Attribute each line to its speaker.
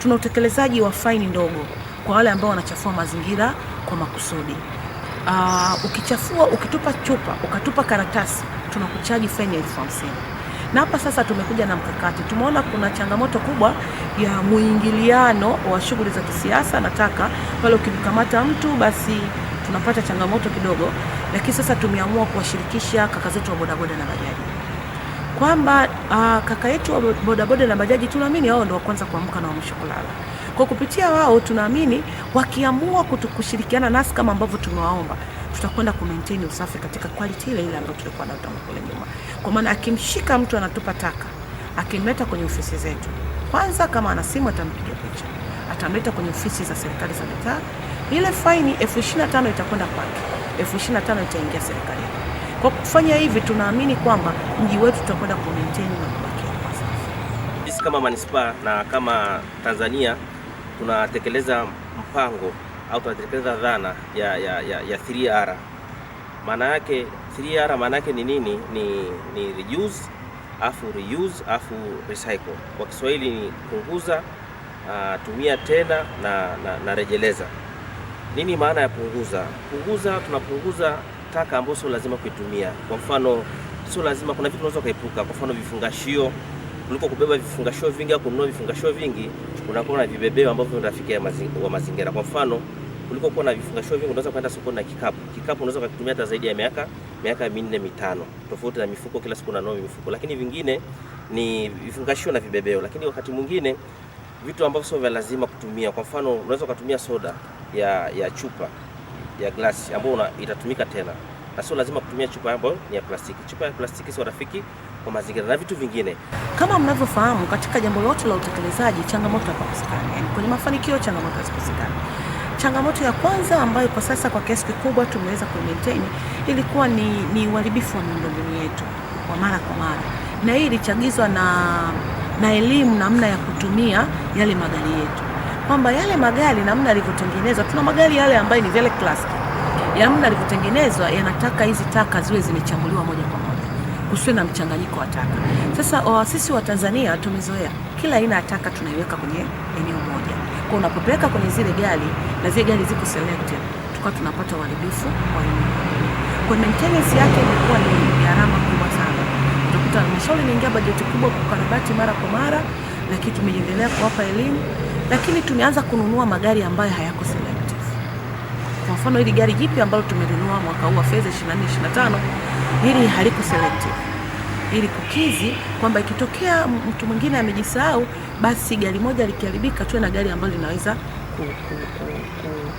Speaker 1: tuna utekelezaji wa faini ndogo kwa wale ambao wanachafua mazingira kwa makusudi. Uh, ukichafua ukitupa chupa ukatupa karatasi tunakuchaji faini ya elfu hamsini na hapa sasa tumekuja na mkakati. Tumeona kuna changamoto kubwa ya mwingiliano wa shughuli za kisiasa nataka pale ukimkamata mtu basi tunapata changamoto kidogo, lakini sasa tumeamua kuwashirikisha kaka zetu wa bodaboda na bajaji kwamba uh, kaka yetu wa bodaboda na bajaji tunaamini wao ndio wa kwanza kuamka na wa kulala. Kwa kupitia wao tunaamini wakiamua kushirikiana nasi kama ambavyo tumewaomba tutakwenda maintain usafi katika quality ile ile ambayo tulikuwa nayo tangu kule nyuma. Kwa maana akimshika mtu anatupa taka, akimleta kwenye ofisi zetu, kwanza kama ana simu atampiga picha, atamleta kwenye ofisi za serikali za mitaa ile faini elfu ishirini na tano itakwenda kwake, elfu ishirini na tano itaingia serikalini. Kwa kufanya hivi, tunaamini kwamba mji wetu tutakwenda ku maintain na kubaki kwa sasa.
Speaker 2: Sisi kama manispaa na kama Tanzania tunatekeleza mpango au tunatekeleza dhana ya, ya, ya, ya 3R. Maana yake 3R maana yake ni nini? Ni, ni reduce afu reuse afu recycle. Kwa Kiswahili ni punguza, uh, tumia tena na, na, na rejeleza. Nini maana ya punguza? Punguza, tunapunguza taka ambayo sio lazima kuitumia. Kwa mfano, sio lazima, kuna vitu unaweza kuepuka. Kwa mfano, vifungashio, kuliko kubeba vifungashio vingi au kununua vifungashio vingi, unakuwa na vibebeo ambavyo vinafikia wa mazingira. Kwa mfano, kuliko kuwa na vifungashio vingi, unaweza kwenda sokoni na kikapu. Kikapu unaweza kutumia hata zaidi ya miaka miaka minne mitano, tofauti na mifuko, kila siku nanua mifuko. Lakini vingine ni vifungashio na vibebeo, lakini wakati mwingine vitu ambavyo sio vya lazima kutumia. Kwa mfano, unaweza kutumia soda ya, ya chupa ya glasi ambayo itatumika tena, na sio lazima kutumia chupa ambayo ni ya plastiki. Chupa ya plastiki sio rafiki kwa mazingira na vitu vingine.
Speaker 1: Kama mnavyofahamu, katika jambo lote la utekelezaji changamoto hapakosekani, yani kwenye mafanikio changamoto hazikosekani. Changamoto ya kwanza ambayo kwa sasa kwa kiasi kikubwa tumeweza ku ilikuwa ni, ni uharibifu wa miundombinu yetu kwa mara kwa mara, na hii ilichagizwa na na elimu namna ya kutumia yale magari yetu kwamba yale magari namna yalivyotengenezwa, tuna magari yale ambayo ni vile classic ya namna yalivyotengenezwa yanataka hizi taka ziwe zimechambuliwa moja kwa moja, kusiwe na mchanganyiko wa taka. Sasa o, oh, sisi wa Tanzania tumezoea kila aina ya taka tunaiweka kwenye eneo moja, kwa unapopeleka kwenye zile gari na zile gari ziko selected, tukawa tunapata uharibifu wa kwa maintenance yake imekuwa ni gharama kubwa sana. Utakuta halmashauri inaingia bajeti kubwa kukarabati mara kwa mara lakini tumejiendelea kuwapa elimu, lakini tumeanza kununua magari ambayo hayako selective. Kwa mfano hili gari jipya ambalo tumelinunua mwaka huu wa fedha 24 hili haliko selective, ili kukizi kwamba ikitokea mtu mwingine amejisahau, basi gari moja likiharibika, tuwe na gari ambalo linaweza ku, ku, ku, ku.